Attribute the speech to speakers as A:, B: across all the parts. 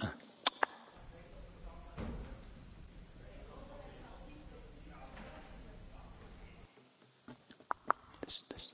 A: Ah. business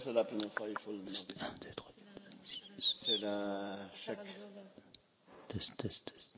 A: C'est la première fois, il faut le demander. C'est la... Chaque... Test, test, test.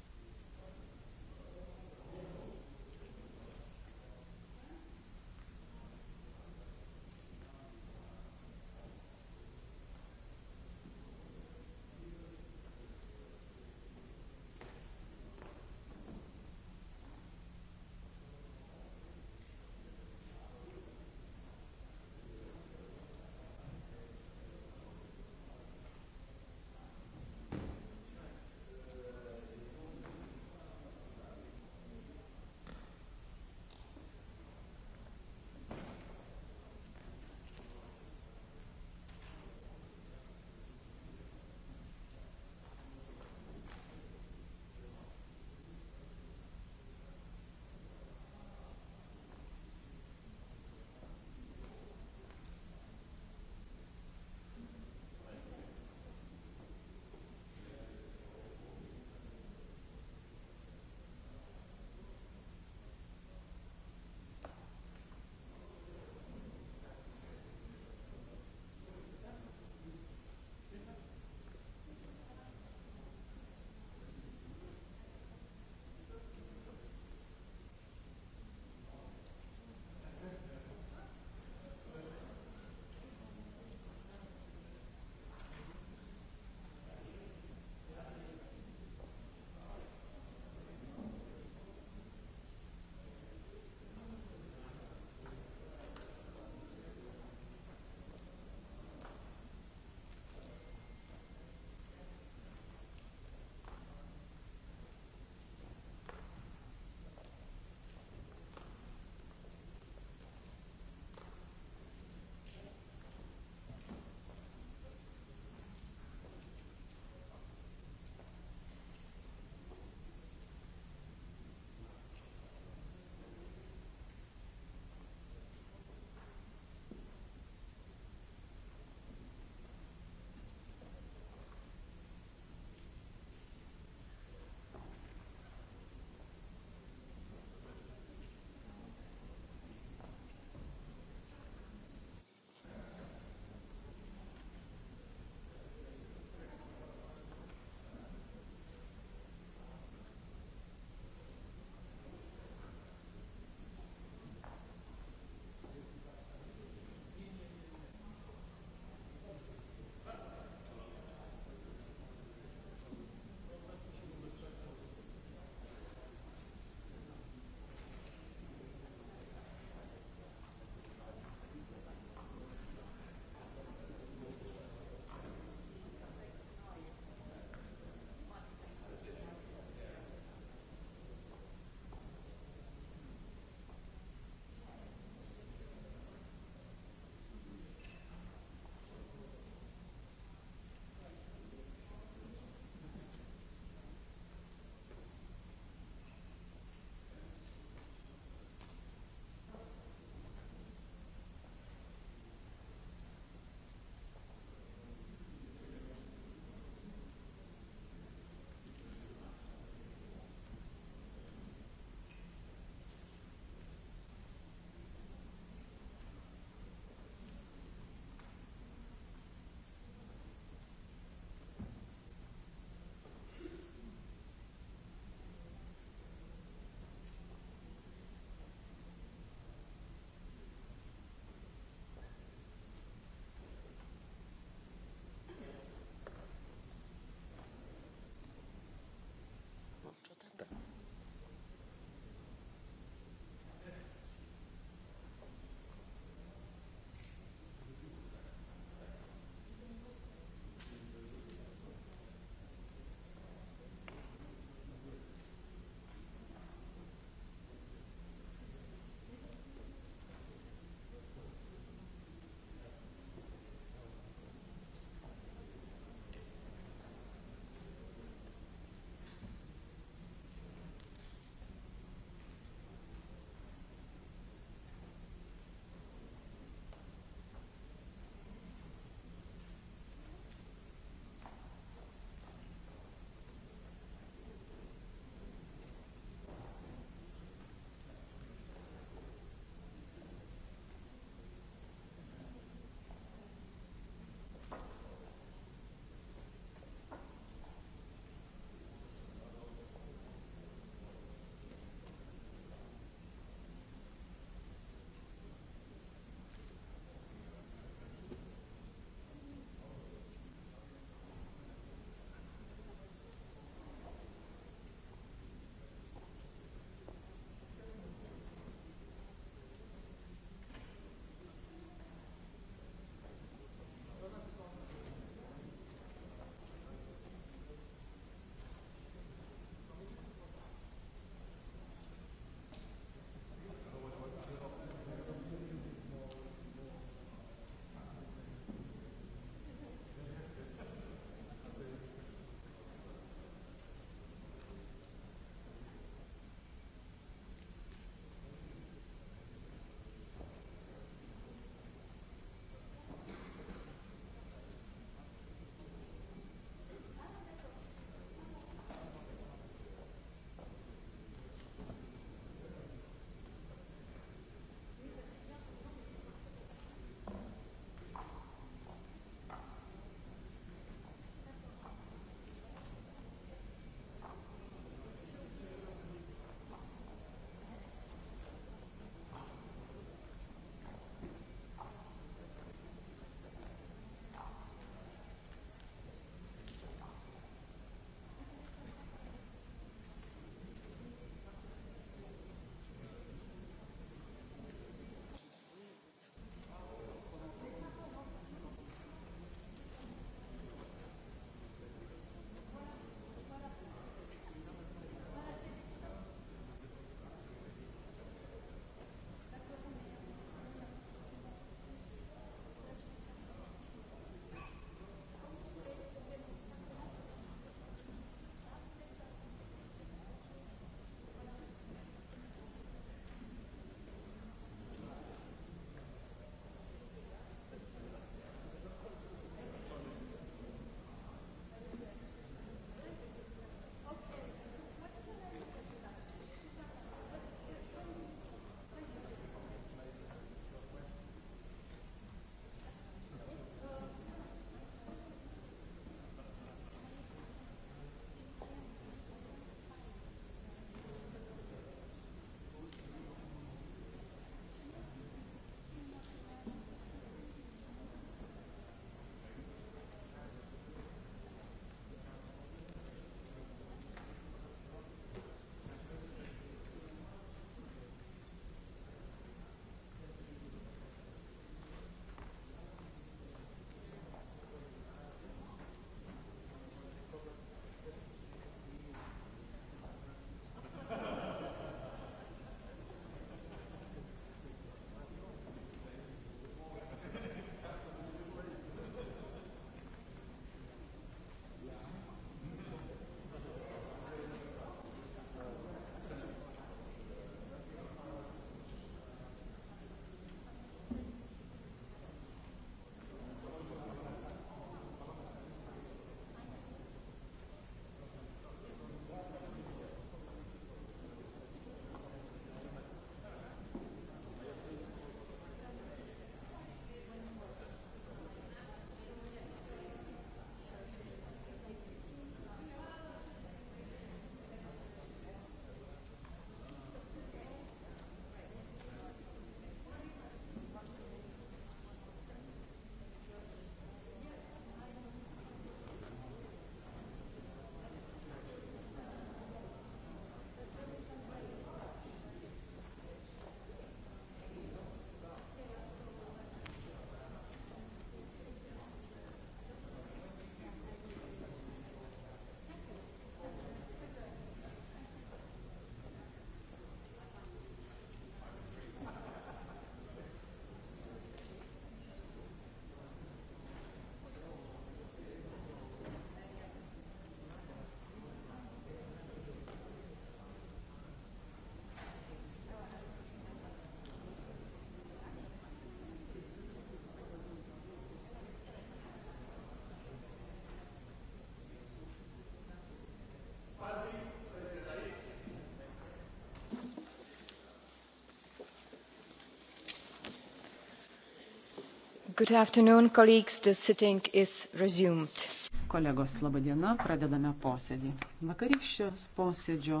A: Good afternoon, colleagues. The sitting is resumed. Kolegos, laba diena, pradedame posėdį. Vakarykščio posėdžio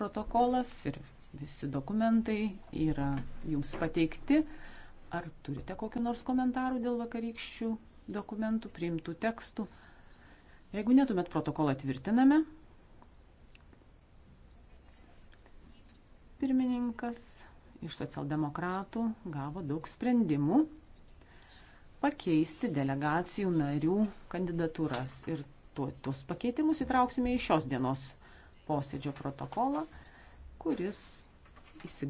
A: protokolas ir visi dokumentai yra jums pateikti. Ar turite kokiu nors komentaru dėl vakarykščių dokumentų, priimtų tekstų? Jeigu netumėt protokolą tvirtiname, pirmininkas iš socialdemokratų gavo daug sprendimų pakeisti delegacijų narių kandidatūras. Ir tu, tuos pakeitimus įtrauksime į šios dienos posėdžio protokolą, kuris įsigalioja.